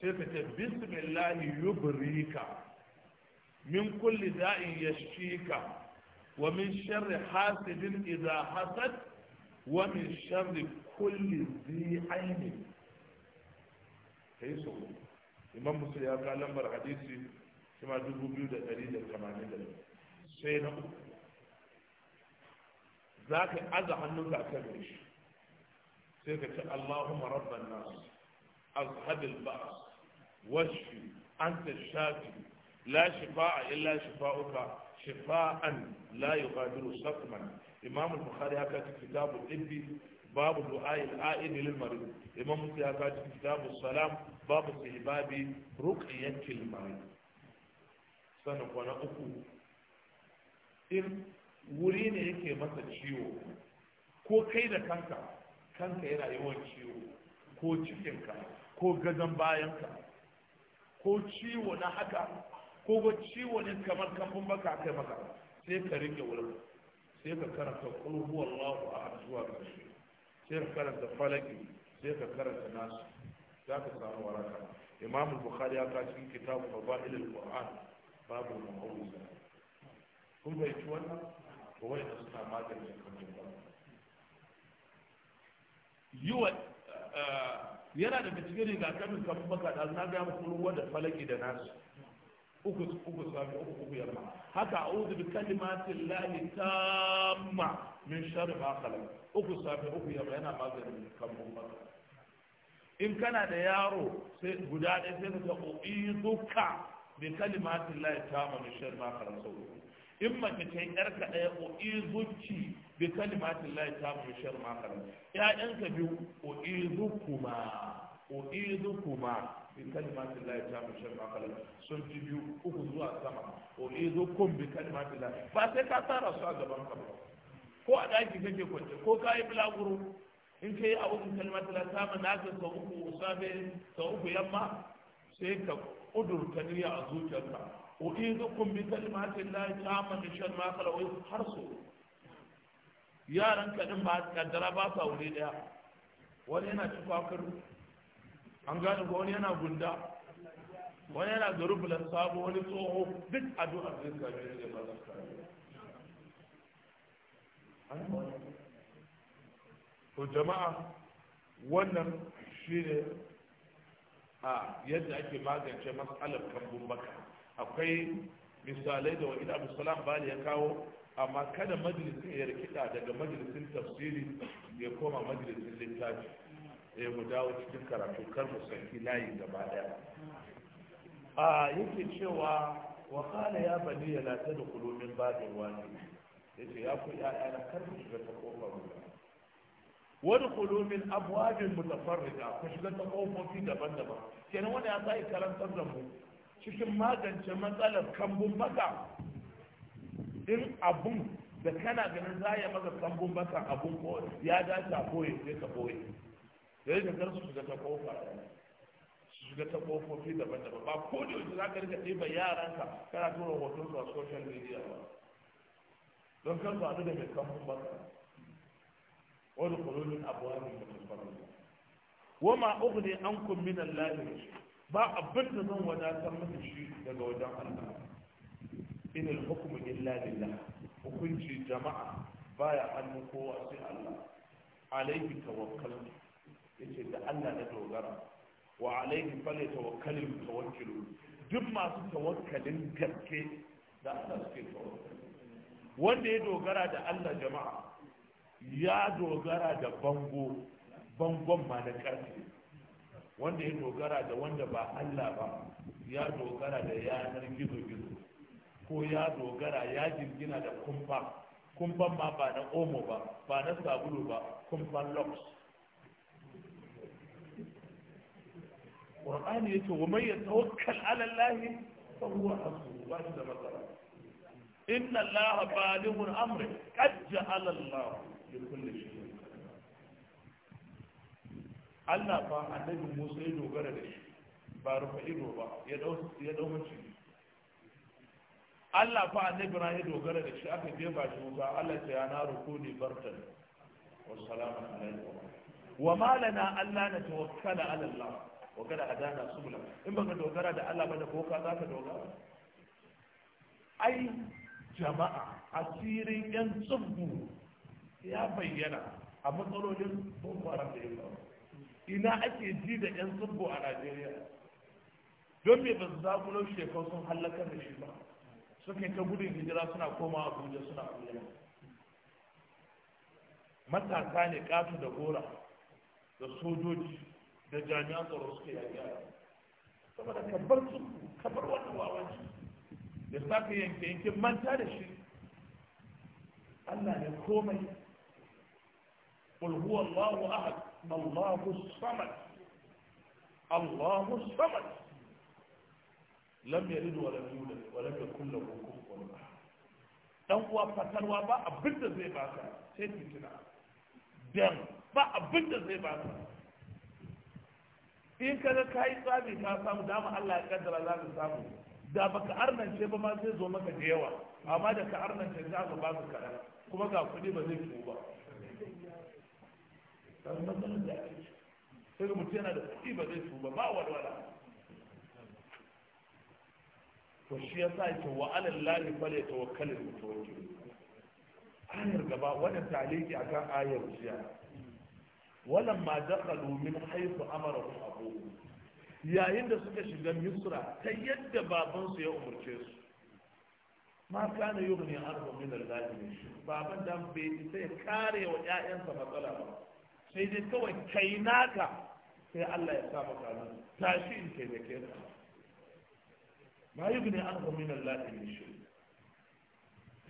sai ka ce bismillahi yubrika min kulli da'in yashika wa min sharri hasidin idza hasad wa min sharri kulli zi aini kai yi imam musul ya ka lambar hadisi kuma dubu biyu da ɗari da tamanin da sai na uku za ka aza hannunka a kan shi sai ka ce allahumma rabban nas azhabil ba'as washfi shafi la shifa'a illa shifa'uka la imam bukhari ya kawo cikin kitabul ibbi babu du'a al-a'id lil marid imam muslim ya kawo cikin kitabul salam babu sihibabi ruqyatil marid sannan kwana uku in wuri ne yake masa ciwo ko kai da kanka kanka yana yawan ciwo ko cikinka ko gadon bayanka ko ciwo na haka ko ciwo ne kamar kafin baka kai maka sai ka rike wurin sai ka karanta kulhu wallahu a zuwa ga shi sai ka karanta falaki sai ka karanta nasu za ka samu waraka imamu bukhari ya ka cikin kitabu fadail alquran babu da kun bai ci wannan ko wai da suna magance kan ba yiwa eh, yana da ga rigakafin kamar baka da na ga mu da falaki da nasu uku uku sami uku uku yamma haka a'udhu bi kalimati llahi tamma min sharri ma khalaq uku sami uku yamma yana maganin kambun baka in kana da yaro sai guda ɗaya sai ka ce u'iduka bi kalimati llahi tamma min sharri ma khalaq sau in mace ce yar ka ɗaya u'izuki bi kalimati llahi tamma min sharri ma khalaq ƴaƴanka biyu u'izukuma u'izukuma bi kalimatin la ta mu shan akalan sun ji biyu uku zuwa sama o izo kun bi kalimatin la ba sai ka sa rasu a gaban ka ba ko a daki kake kwance ko ka yi bulaguro in ka yi a uku kalimatin la ta mu naka sau uku yamma sai ka kudurta niyya a zuciyarka o izo kun bi ta shan yaran ba daya wani yana cikin an gane ko wani yana gunda wani yana da rubulan sabo wani tsoho duk addu'a zai kare da ba za kare. to jama'a wannan ne a yadda ake magance matsalar kambun baka akwai misalai da wani abu salam ba ya kawo amma kada majalisin ya rikida daga majalisin tafsiri ya koma majalisin littafi Sai eh, mu dawo cikin karatu kar mu saki layi gaba daya a yake cewa wa kana ya bani ya la dukulu min babin wani yace ya ku ya ana kar mu shiga ta kofar wa dukulu min abwabin mutafarrida ku shiga ta kofofi daban-daban kenan wanda ya sai karantar da mu cikin magance matsalar kambun baka in abun da kana ganin za ya maka kambun baka abun ko ya dace a boye sai ka boye sai da kar su shiga ta kofa su shiga ta kofofi daban-daban ba ko da yau za ka rika ɗiba yaranka kana tura hoton su a social media ba don kar su haɗu da mai kamfan baka wani kulolin abuwa ne mutum farko wama ughni ankum min Allah ba abin da zan wadatar muku shi daga wajen Allah in al-hukm illa lillah hukunci jama'a baya hannun kowa sai Allah alaihi tawakkaltu yace da Allah na dogara wa alaihi fali tawakkalin tawakkilu duk masu tawakkalin gaske da Allah suke wanda ya dogara da Allah jama'a ya dogara da bango bangon ma na karfe wanda ya dogara da wanda ba Allah ba ya dogara da yanar gizo-gizo ko ya dogara ya jirgina da kumfa kumfan ma ba na omo ba ba na sabulu ba kumfan locks qur'ani ce wa may yatawakkal ala allah fa huwa hasbuhu ba shi da matsala inna allaha balighun amri qad ja'ala allah kulle shi. Allah fa annabi Musa ya dogara da shi ba rufe ido ba ya dau ya Allah fa annabi Ibrahim ya dogara da shi aka je ba shi ba Allah ya na rukuni bartan wa salamun alaikum wa ma lana alla natawakkala ala Allah a gana su subula in baka dogara da Allah ba da boka za ka dogara ai jama'a asirin yan tsubbu ya bayyana a matsalolin boko haram da yawa ina ake ji da yan tsubbu a Najeriya don me ba su zakulo shekaru sun hallakar da shi ba suka yi ta gudun hijira suna koma Abuja suna Abuja matasa ne ƙato da gora da sojoji da jami'an tsaro suka yi a saboda kabar su kabar wannan wawanci da sa ka yanke yanke manta da shi Allah ne komai قل هو الله أحد الله الصمد الله الصمد لم يلد ولم يولد ولم يكن له كفوا أحد dan uwa fatarwa ba abin da zai baka sai fitina dan ba abin da zai baka in ka ga kayi tsabi ka samu dama Allah ya kaddara za ka samu da baka arnance ba ma zai zo maka da yawa amma da ka arnance za ka ba ka kaɗan kuma ga kuɗi ba zai tuwo ba kan matsalar da ake sai mutum yana da kuɗi ba zai tuwo ba ba walwala to shi ya sa yake wa alallahi fale tawakkalin mutawakkil ayar gaba wannan taliki akan ayar jiya walan ma dakhalu min haythu amarahu abuhum yayin da suka shiga misra ta yadda baban su ya umarce su ma kana yughni arba min allahi min baban dan bai sai kare wa ƴaƴansa matsala ba sai dai kawai kai naka sai Allah ya sa maka nan tashi in kai taimake ka ma yughni arba min allahi min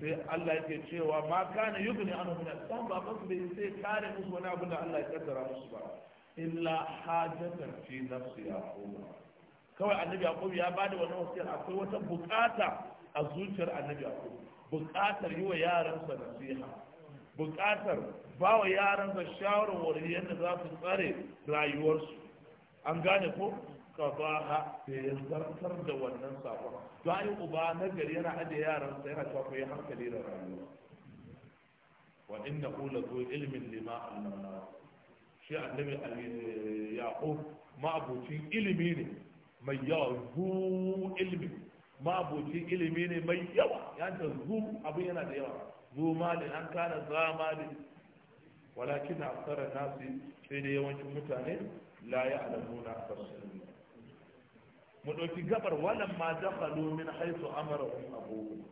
sai Allah yake cewa ma kana yugni anhu min al-sam ba ba bai sai kare musu wani abu da Allah ya kaddara musu ba illa hajatan fi nafsi yaqub kawai annabi yaqub ya bada wannan wasiyar akwai wata bukata a zuciyar annabi yaqub bukatar yi wa yaransa nasiha bukatar ba wa sa shawarwari yadda za su tsare rayuwarsu an gane ko qadaha ya zartar da wannan sakon to ai uba na gari yana ajiye yaran sa yana cewa ku yi hankali da rayuwa wa innahu la zu ilmin lima annana shi annabi eh, yaqub ma'abucin ilimi ne mai yawa zu ilmi ma'abucin ilimi ne mai yawa ya ta zu abin yana da yawa zu malin an kana za malin walakin aksara nasi sai da yawancin mutane la ya'lamuna alamuna mu ɗauki gabar wannan ma dakhalu min haythu amarahum abuhum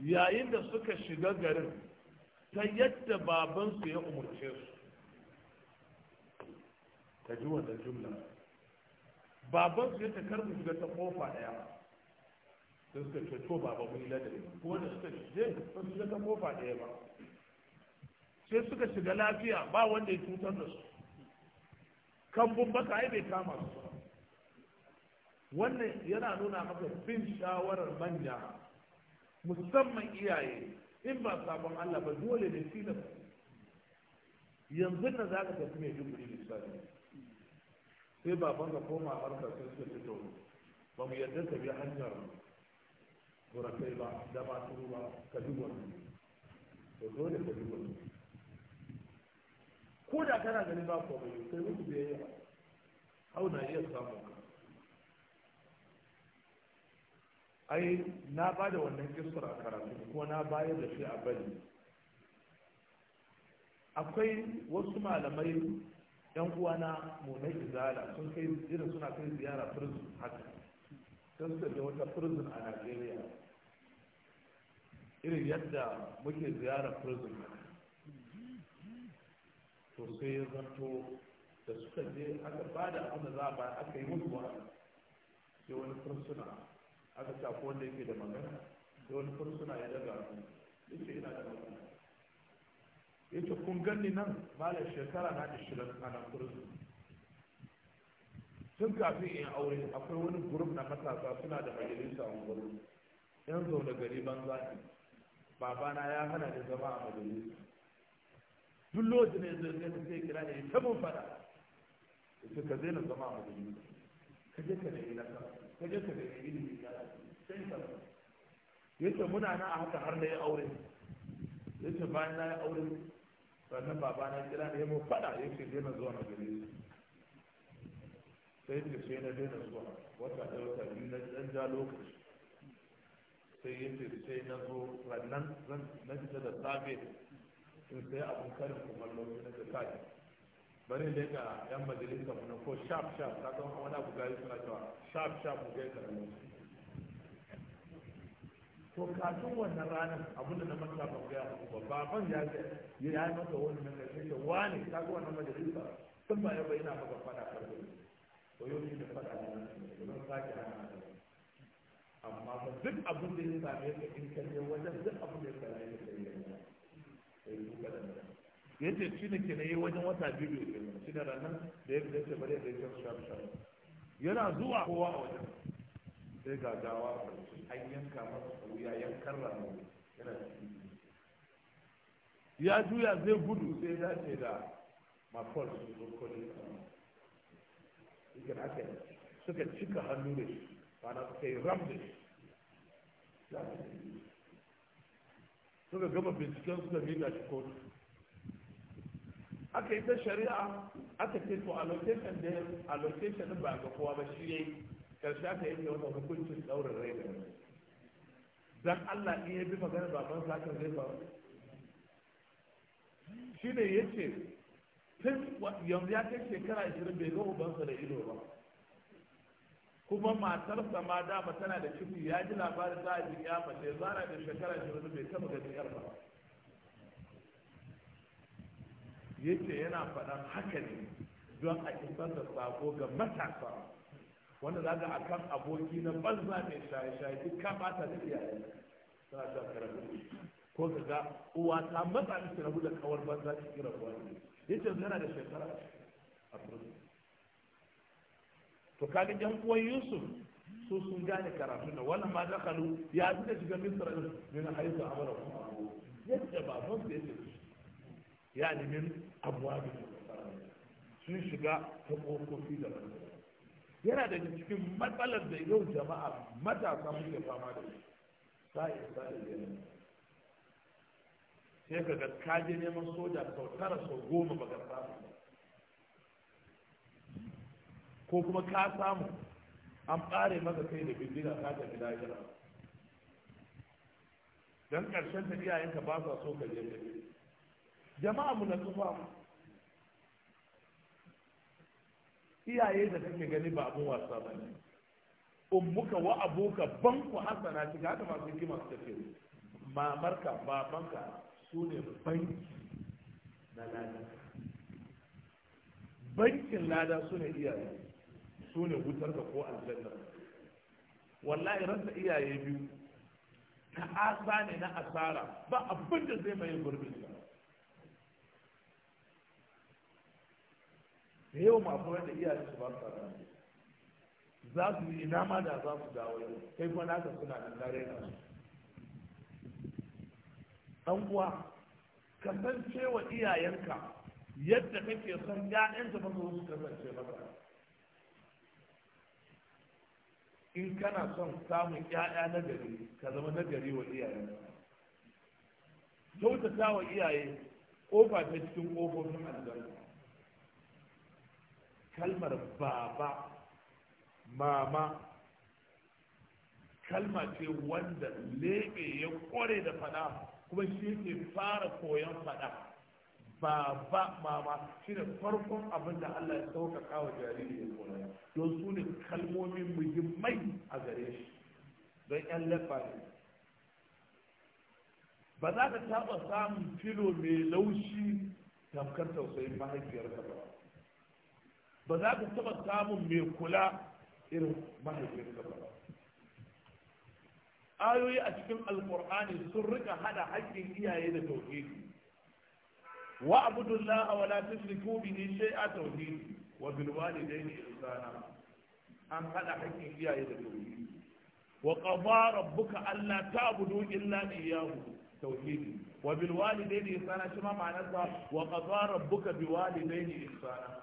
yayin da suka shiga garin ta yadda babansu ya umarce su ta ji wannan jumla babansu ya takar mu shiga ta kofa ɗaya sai suka ce to baba mun yi ladabi ko da suka je sun shiga ta kofa ɗaya ba sai suka shiga lafiya ba wanda ya cutar da su kan baka ai bai kama su ba wannan yana nuna maka bin shawarar manja musamman iyaye in ba sabon Allah ba dole ne tilas yanzu na za ka tafi mai duburi lissafi sai baban ka koma harkar sai suka tauri ba mu yarda ka bi hanyar burakai ba da ba turu ba ka bi wani to dole ka bi wani ko da kana ganin ba komai sai mutu biyayya hau na iya samun ka ai na ba da wannan kisar a karatu ko na bayar da shi a bari akwai wasu malamai yan uwana mu na izala sun kai irin suna kai ziyara prison haka sun su da wata prison a najeriya irin yadda muke ziyara prison to sai ya zanto da suka je aka ba da abin da za a ba aka yi mutuwa sai wani fursuna aka ce ko wanda yake da magana da wani fursuna ya daga yace ina da magana yace kun ganni nan malam shekara na da shirin ana kurzu tun kafin in aure akwai wani gurup na matasa suna da majalisa a wani yan da gari banza ne babana ya hana da zama a majalisa duk lokacin da zai zai kira ne ta mun fada ce ka zai na zama a majalisa ka je ka na nasara ka je ka daga ilimin ya sai ka ya ce muna na a haka har na ya aure ya ce bayan na ya aure sannan baba na kira ne ya mu fada ya ce na zuwa na gare su sai ce sai na daina zuwa wata da wata biyu na ɗan ja lokaci sai ya ce sai na zo rannan na fita da safe in sai abun karin kumallo na ta kai bari da ga yan majalisa mu ko sharp sharp ka san wani abu gari suna cewa sharp sharp mu kai karamin to kafin wannan ranar abinda na manta ban gaya muku ba ban ya ce ya yi masa wani nan kai ce wani ka ga wannan majalisa sun ba yaba yana maka fada karfi to yau ne da fada ne don sake hana amma ba duk abin da ya same ka in kalle wajen duk abin da ya same ka sai ya yi ka da ya ce shi ne ke na yi wajen wata biyu bai kai shi da ranar da ya fita bari da ya shafi shafi yana zuwa kowa a wajen sai ga gawa an yanka masa wuya karra mu yana cikin ya juya zai gudu sai ya ce da mafol su zo kodin ikin aka suka cika hannu da shi bana suka yi ram da shi suka gama binciken suka miƙa shi kotu aka yi ta shari'a aka ce to allocation da allocation ba ga kowa ba shi yayi karshe aka yi da wata hukuncin daurin rai da rai dan Allah in ya bi magana baban sa sakin zai ba shi ne ya ce, tun yanzu ya kai shekara shirin bai ga ubansa da ido ba kuma matarsa ma dama tana da ciki ya ji labarin za a ji ya mace zara da shekara shirin bai taba ga ba yace yana faɗan haka ne don a isar da sako ga matasa wanda za a kan aboki na banza mai shaye-shaye duk ka bata da iyaye suna shan karatu ko ka ga uwa ta matsa miki rabu da kawar banza ki rabuwa ne yace yana da shekara a fursu to kaga yan uwan yusuf su sun gane karatu na wannan ma dakalu ya fi da shiga misra din na haizu amara yadda baban su yake yani min sun shiga ta kofofi da yana da cikin matsalar da yau jama'a matasa muke fama da shi sa'i sa'i sai ka ga kaje neman soja sau tara sau goma ba samu ko kuma ka samu an ɓare maka kai da bindiga ka tafi lahira don ƙarshen da iyayenka ba sa so ka je ka jama'a mu na tufa mu iyaye da kake gani ba abun wasa ba ne ummuka wa abuka banku hasana shiga haka masu hikima su tafi mamarka banka su ne banki na lada bankin lada su ne iyaye su ne wutarka ko aljanna wallahi rasa iyaye biyu asa ne na asara ba abinda zai mai gurbin da yau ma akwai da iyayen su ba su da za su yi ina ma da za su dawo yau kai kuma naka suna nan dare na su dan uwa kasance wa iyayenka yadda kake son ta ba su kasance maka in kana son samun 'ya'ya na gari ka zama na gari wa iyayenka kyautata wa iyaye kofa ta cikin ƙofofin aljanna kalmar baba mama kalma ce wanda lebe ya kware da fada kuma shi ke fara koyon fada baba mama shi da farkon abin da Allah ya sauƙaƙa wa jariri ya don su ne kalmomi muhimmai a gare shi don 'yan lafa ne ba za ka taɓa samun filo mai laushi tamkar tausayin mahaifiyarta ba ba za ka taɓa samun mai kula irin mahaifinka ba ayoyi a cikin alkur'ani sun rika hada haƙƙin iyaye da tauhidi wa abudullaha wa la tushriku bihi shay'a tauhidi wa bil walidayni ihsana an hada haƙƙin iyaye da tauhidi wa qada rabbuka alla ta'budu illa iyyahu tauhidi wa bil walidayni ihsana shi ma ma'anar sa wa qada rabbuka bi walidayni ihsana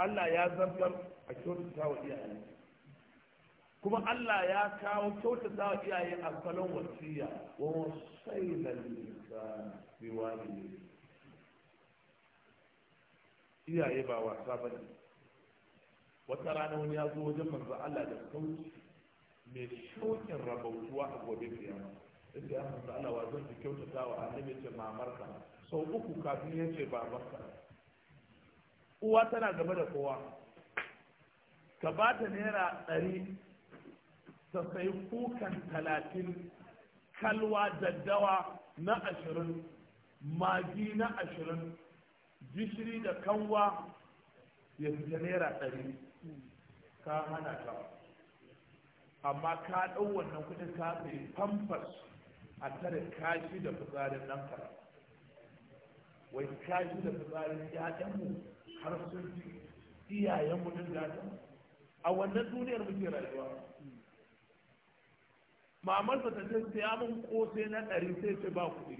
Allah ya zartar a kyautata wa iyaye kuma Allah ya kawo kyautata wa iyaye a salon wasiya wa sai da lisa bi wani iyaye ba wasa ba ne wata rana wani ya zo wajen manzo Allah da sauki mai shokin rabautuwa a gobe kiyama sai ya ah, manzo Allah wa zan kyautata wa annabi ce mamarka sau uku kafin ya ce babarka uwa tana gaba da kowa ka ba ta naira ɗari ta sai kukan talatin kalwa daddawa na ashirin magi na ashirin gishiri da kanwa ya fita naira ɗari ka hana ta amma ka ɗau wannan kudin ka sai famfas a tare kashi da fitsarin ɗanka wai kashi da fitsarin 'ya'yanmu har sun fi iyayenmu din gata a wannan duniyar muke rayuwa Mamar mamarsa ta ce sai amin kosai na ɗari sai ce ba kuɗi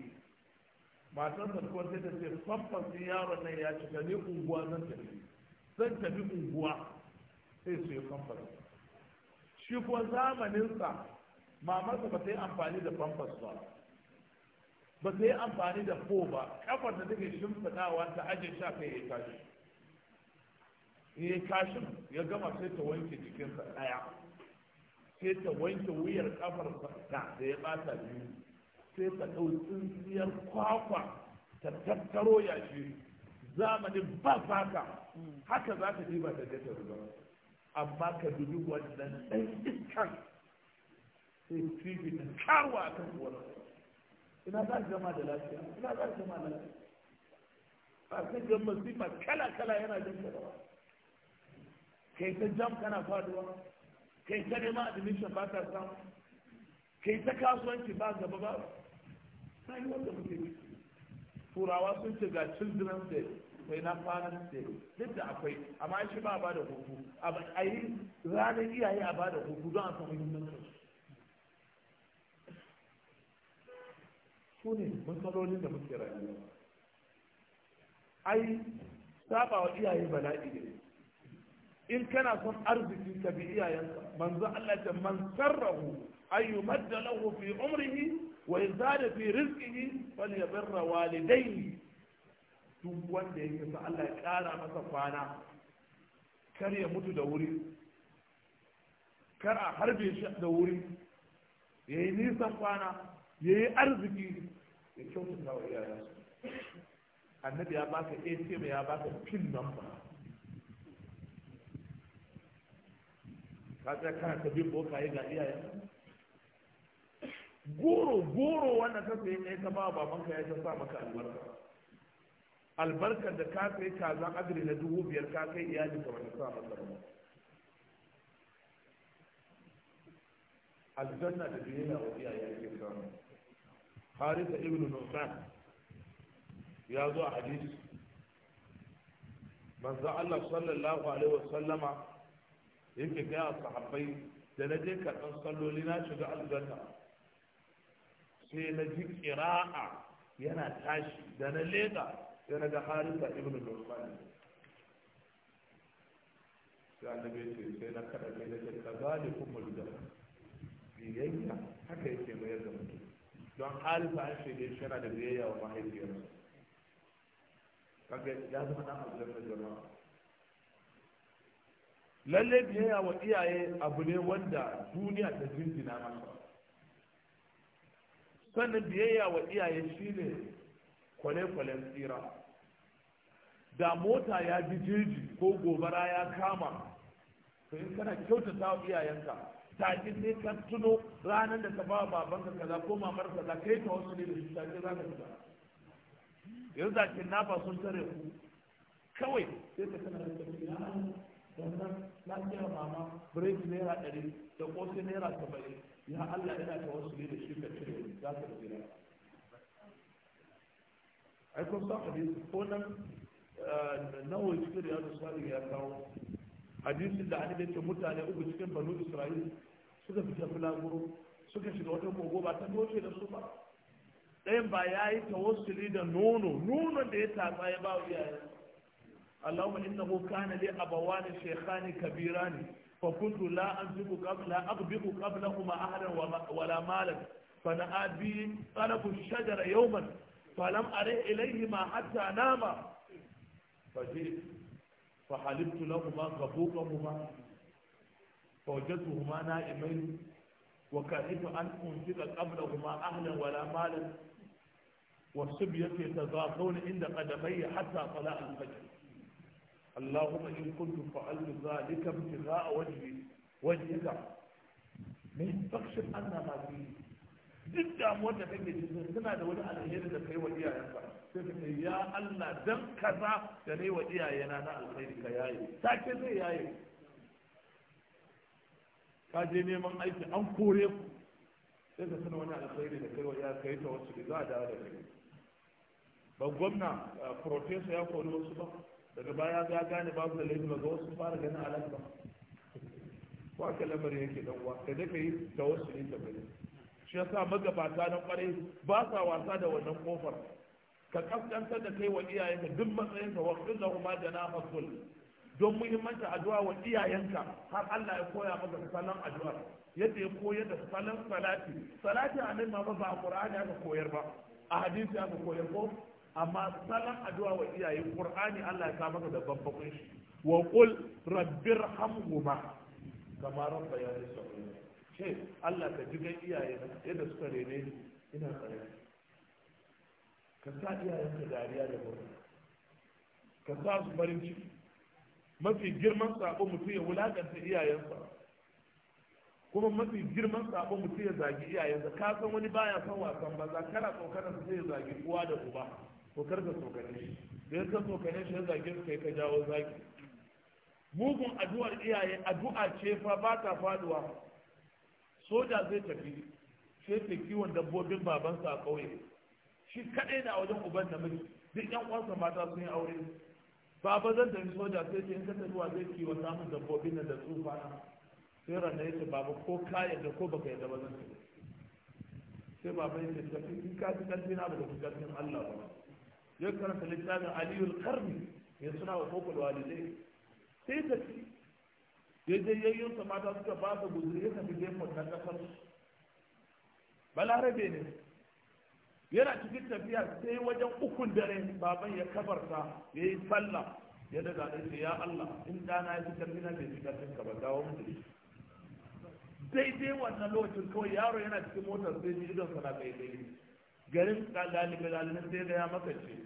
matar da kuma sai ta ce famfas yaron nan ya cika ne unguwa zan tafi zan tafi unguwa sai su yi famfas shi kuwa zamaninsa mamarsa ba ta yi amfani da famfas ba ba ta yi amfani da ko ba kafar da take shimfiɗawa ta ajiye sha kai ya tashi ya kashin ya gama sai ta wanke jikinsa ɗaya sai ta wanke wuyar kafarsa da ya bata biyu sai ta ɗau tsintsiyar kwakwa ta tattaro yashi zamanin ba faka haka za ka ba ta ta ruwa amma ka dubi wannan ɗan iskan sai fifi ta karwa a kan kuwar ina za ka gama da lafiya ina za ka gama da lafiya ba sai gama kala kala yana jan karawa kai ta jam kana faduwa kai ta neman admission ba ta samu kai ta kasuwanci ba gaba ba yi wanda muke yi turawa sun ce ga children day akwai na parents day duk da akwai amma shi ba ba da hutu a yi ranar iyaye a ba da hutu don a samu muhimmancin su ne matsalolin da muke rayuwa ai saba wa iyaye bala'i ne in kana son arziki ka bi iyayenka manzo Allah ta man sarrahu ay yumadda lahu fi umrihi wa yazada fi rizqihi falyabirra walidayhi duk wanda yake sa Allah ya kara masa kwana kar ya mutu da wuri kar a harbe shi da wuri yayi nisan kwana yayi arziki ya kyautata wa iyayensa annabi ya baka ATM ya baka pin number ka tsaya kana ta bin bokaye ga iyayen goro goro wannan ka sai ne ka ba babanka ya ta sa maka albarka albarkar da ka sai kazan agri na dubu biyar ka kai iyali ka wani sa maka aljanna da biyayya wa iyaye ake samu harisa ibnu nusan ya zo a hadisi manzo Allah sallallahu alaihi wasallama yake gaya wa sahabbai da na je karɓar salloli na shiga aljanna sai na ji ƙira'a yana tashi da na leƙa sai na ga harisa ibn lufman sai annabi ce sai na kaɗa kai na ka zali kuma biyayya haka yake mayar da mutum don harisa an shaide shi da biyayya wa mahaifiyarsa kaga ya zama na aljanna jama'a lalle biyayya wa iyaye abu ne wanda duniya ta jinjina masa sannan biyayya wa iyaye shine kwale-kwalen tsira da mota ya ji jirgi ko gobara ya kama to in kana kyautata wa iyayenka take sai ka tuno ranar da ta ba babanka kaza ko mamar kaza kai ta wasu ne da shi take za ka fita yanzu da kin nafa sun tare ku kawai sai ka tana da tafiya sannan lafiyar mama biredi naira ɗari da ƙosi naira saba'in ya allah yana ta wasu ne da shi ka cire za ka tsira ai kun san hadisi ko nan eh, nawa cikin riyadu salihu ya kawo hadisin da an ce mutane uku cikin banu isra'il suka fita filaguro suka shiga wata kogo ba ta doce da su ba ɗayan ba ya yi ta wasu da nono nonon da ya tatsa ya ba wa iyayen اللهم إنه كان لي أبوان شيخان كبيران فكنت لا أنفق قبل لا أقبض قبلهما أهلا ولا مالا فنأى بي طرف الشجر يوما فلم أره إليهما حتى ناما فجئت فحلبت لهما غبوقهما فوجدتهما نائمين وكرهت أن أنفق قبلهما أهلا ولا مالا والصبية يتضاقون عند قدمي حتى طلاء الفجر اللهم إن كنت فعلت ذلك ابتغاء وجهي وجهك من تخشى أن ما فيه duk damuwar da kake cikin suna da wani alheri da kai wa iyayenka sai ka ce ya Allah dan kaza da nayi wa iyayena na alheri ka yaye sake zai yaye ka je neman aiki an kore ku sai ka suna wani alheri da kai wa iyayenka kai ta wasu da za a dawo da kai ba gwamna profesa ya kori wasu ba daga baya ga gane babu da laifin ga wasu fara ganin alaƙa ko aka lamari yake dan da ka yi da wasu ne ta bari shi yasa magabata na kwarai ba sa wasa da wannan kofar ka kaskantar da kai wa iyayenka duk matsayinka wa kullu huma jana fasul don muhimmanci addu'a wa iyayenka har Allah ya koya maka salan addu'a yadda ya koyar da salon salati salati a nan ma ba a Qur'ani aka koyar ba a hadisi aka koyar ko amma salan addu'a wa iyaye qur'ani Allah ya ka da babban shi wa qul rabbirhamhuma kama rabbayani saghira ce Allah ka ji iyaye na yadda suka rene ni ina tsare ka sa iyayen ka dariya da murna ka sa su farin ciki mafi girman sabo mutum ya wulakanta iyayensa kuma mafi girman sabo mutum ya zagi iyayensa ka san wani baya son wasan banza kana tsokanar sai ya zagi uwa da uba ko karka tsokane shi da ka tsokane shi ya zage su kai ka jawo zaki mugun addu'ar iyaye addu'a ce fa ba ta faduwa soja zai tafi sai kiwon dabbobin babansa a ƙauye shi kaɗai na wajen uban namiji duk yan uwansa mata sun yi aure baba zan tafi soja sai ta in ka tafi wa zai kiwon samun dabbobin da tsufa na sai ranar ya ce baba ko ka yadda ko baka yadda ba zan tafi sai baba ya ce tafi in ka fi ƙarfi na ba da fi ƙarfin Allah ba ya karanta littafin aliyul karni ya suna wa kokul walidai sai ta ci ya je yayyun sa mata suka ba ta guzuri ya tafi gefen na kasar balarabe ne yana cikin tafiya sai wajen ukun dare baban ya kabarta ya yi sallah ya daga ɗan ya Allah in ɗana ya fi karfi na bai fi karfin ka ba dawo mu daidai wannan lokacin kawai yaro yana cikin motar sai ji idonsa na ɗaiɗai garin ɗalibi ɗalibin sai da ya makance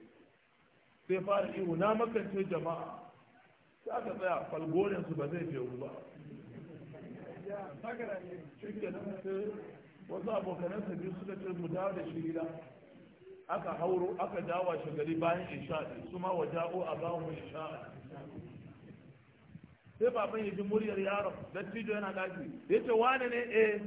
sai fara ihu na makance jama'a sai aka tsaya falgonin su ba zai fewu ba wasu abokanan sa biyu suka ce mu dawo da shi gida aka hauro aka dawo shi gari bayan isha'i su ma wa jago a mu isha'i sai baban ya ji muryar yaron dattijo yana ɗaki. ya ce wane ne eh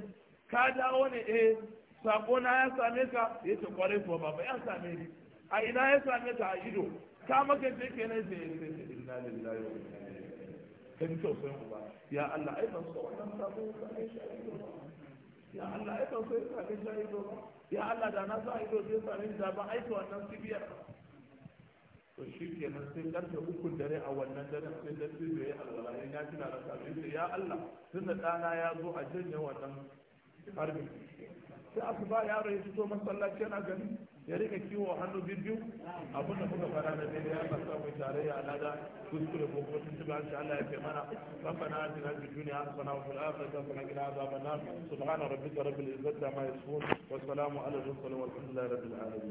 ka dawo ne eh sako na ya same ka ya ce kwarai kuwa ba ya same ni a ina ya same ka a ido ka maka ce ke nan sai sai ce inna lillahi wa inna ilaihi kan tausayin ba. ya Allah ai ban so wannan sako ka ne shi a ido ya Allah ai ban so ka ne shi a ido ya Allah da na sa ido zai same ni da ai aiki wannan sibiyar to shi ke nan sai karfe uku dare a wannan dare sai da su yi alwala ya na tuna da sabbin ya Allah tunda dana ɗana ya zo a janye wannan harbi. sai aka ba yaro ya fito masallaci yana gani ya rika kiwo hannu biyu abinda kuka fara da dai ya ba samu tarayya alada kuskure ko kuma tuntuba an sha Allah ya kai mana rabbana atina fid dunya hasana wa fil akhirati hasana wa qina adhaban nar subhana rabbika rabbil izzati amma yasifun wa salamun ala al mursalin walhamdulillahi rabbil alamin